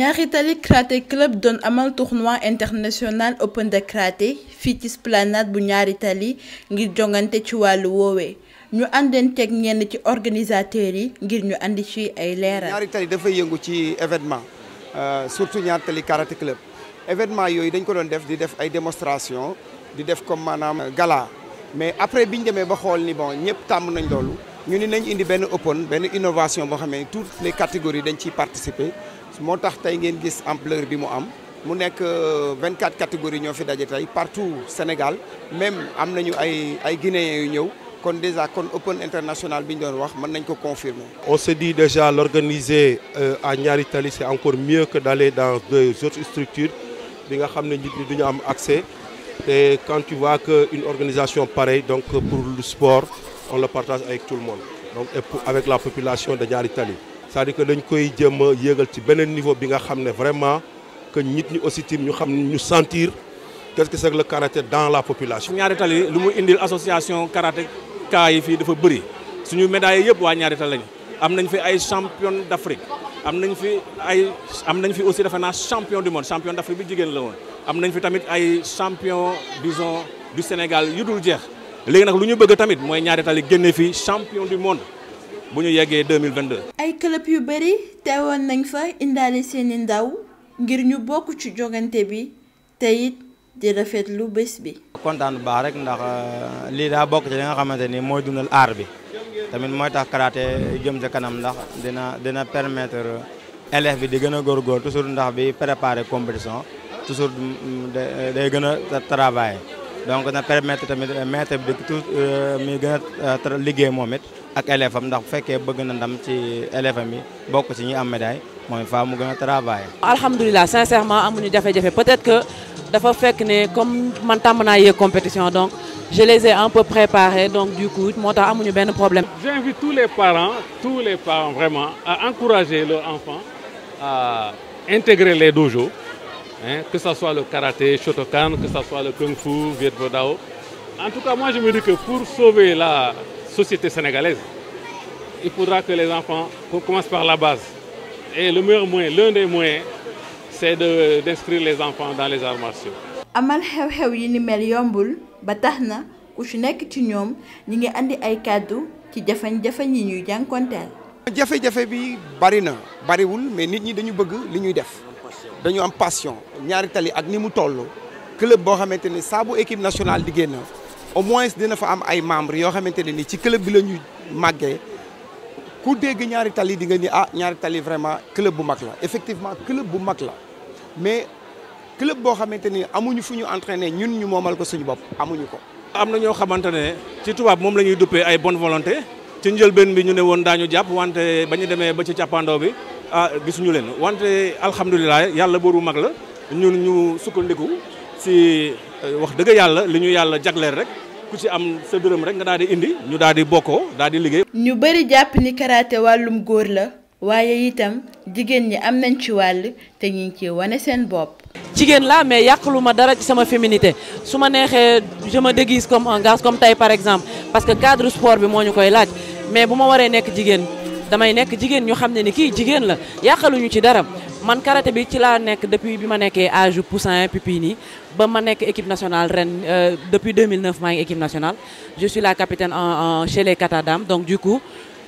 Nyaritali tali karaté club doon amal tournoi international open de karaté fii planade bu ñaari tali ngir jongante ci walu wowe. ñu àndeen teg ñenn ci organisateur yi ngir ñu andi ci ay leeral. ñaari tali dafay yëngu ci événement euh, surtout ñaari tali karaté club événement yoy dañ ko doon def di def ay démonstration di def comme manam gala mais après bi démé ba xol ni bon ñepp tam nañ lolu. ñu ni nañ indi ben open ben innovation bo xamé toutes les catégories dañ ci participer moo tax ngeen ampleur bi mu am 24 euh, catégories partout au Sénégal même si nous ay ay Guinéens yu ñëw kon déjà Open International bi doon On se dit déjà l'organiser euh, à Niaritali c'est encore mieux que d'aller dans d'autres structures bi nga accès Et quand tu vois qu'une organisation pareille donc pour le sport on le partage avec tout le monde donc avec la population de Niaritali c'est-à-dire que dañ koy jëm a yéegal ci beneen niveau bi nga xam ne vraiment que nit ñi aussi tim ñu xam ñu sentir qu'est-ce que c'est que le karaté dans la population. ñaari tali lu mu indil association karaté kaa yi fii dafa bëri suñu médailles yëpp waa ñaari tali lañu am nañ fi ay champion d'Afrique am nañ fi ay am nañ fi aussi defe naa champion du monde champion d'Afrique bi jigéen la woon am nañ fi tamit ay champion disons du Sénégal yu dul jeex léegi nag lu ñu bëgg tamit mooy ñaari tali génne fii champion du monde. bu ñu yeggee 2022. ay club yu bëri teewoon nañ fa indaale seeni ndaw ngir ñu bokk ci jogante bi tey it di rafetlu bés bi. kontaan bu baax rek ndax euh, lii daa bokk ci li nga xamante ni mooy dundal aar bi tamit mooy tax karaté jëm ca kanam ndax dina dina permettre bi di gën a góorgóor toujours ndax bi préparer compétition toujours mm, day gën a travailler. donc va permettre tamit euh, mettre bi tout euh, mi gëna euh, liggéey ak élève am ndax na ndam ci médaille mu travailler. sincèrement peut-être que dafa comme man suis en compétition donc je les ai un peu préparés donc du coup moo amuñu des problème. j'invite tous les parents tous les parents vraiment à encourager leurs enfants à intégrer les dojos. Hein, que ce soit le karaté, Shotokan, que ce soit le Kung Fu, Viet Vodao. En tout cas, moi je me dis que pour sauver la société sénégalaise, il faudra que les enfants commencent par la base. Et le meilleur moyen, l'un des moyens, c'est d'inscrire les enfants dans les arts martiaux. amal xew-xew Yini mel yombul ba fait na ku ñi ngi andi ay qui ci ñuy bi bari bariwul mais nit ñi dañu bëgg li ñuy def dañu am passion ñaari tali ak ni mu tollu club bo xamanteni sa bu équipe nationale di génn au moins dina fa am ay membres yo xamanteni ni ci club bi lañu ñu ku dégg ñaari tali di nga ni ah ñaari tali vraiment club bu mag la effectivement club bu mag la mais club bo xamanteni amuñu fuñu entraîner ñun ñu momal ko suñu bop amuñu ko. amna na ñoo xamante ci tubaab mom lañuy ñuy ay bonne volonté ci ben bi ñu ne woon daañu jàpp wante ba ñu ba ci chapando bi. ah gisuñu leen wante alhamdulilah yàlla booru mag la ñun ñu sukkandiku si euh, wax dëgg yàlla li ñu yàlla jagleel rek ku ci am sa dërëm rek nga daal di indi ñu daal di bokkoo daal di liggéey. ñu bëri jàpp ni karaté wàllum góor la waaye itam jigéen ñi am nañ ci wàll te ñu ngi ciy wane seen bopp. jigéen laa mais yàqalu ma dara ci sama féminité su ma neexee je me déguise comme un garçon comme tey par exemple parce que cadre sport bi moo ñu koy laaj mais bu ma waree damay nek jigen ñu xamné ni ki jigen la yàqaluñu ci dara man karaté bi ci la nek depuis bima ma âge poussin Pipini ba ma nek équipe nationale ren euh, depuis 2009 ma ngi équipe nationale je suis la capitaine en chez les katadam donc du coup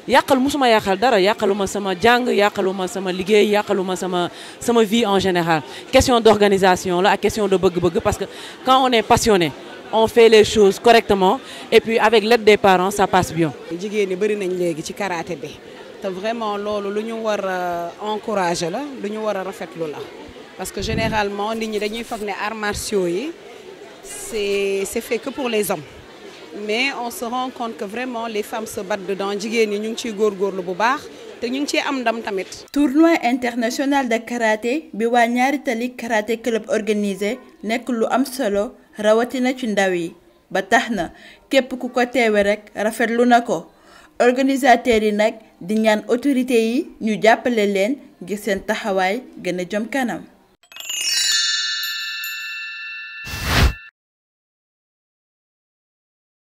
yàqal musuma yàqal dara yàqaluma sama jang yàqaluma sama liggéey yàqaluma sama sama vie en général question d'organisation la question de bug bug parce que quand on est passionné on fait les choses correctement et puis avec l'aide des parents ça passe bien. jigéen ni bari nañ légui ci karaté bi te vraiment loolu lu ñu war encourager la lu ñu war a rafetlu la parce que généralement nit ñi dañuy fagné arts martiaux yi c'est c'est fait que pour les hommes mais on se rend compte que vraiment les femmes se battent dedans jigéen ñi ñu ngi gor lu bu baax té ñu ngi ciy am ndam tamit. tournoi international de karaté bi wa ñaari tali karaté club organisé nek lu am solo rawatina ci ndaw yi ba tax na képp ku ko téwé rek rafet lu ko. organisateurs yi nag di ñaan autorités yi ñu jàppale leen ngir seen taxawaay gën a jëm kanam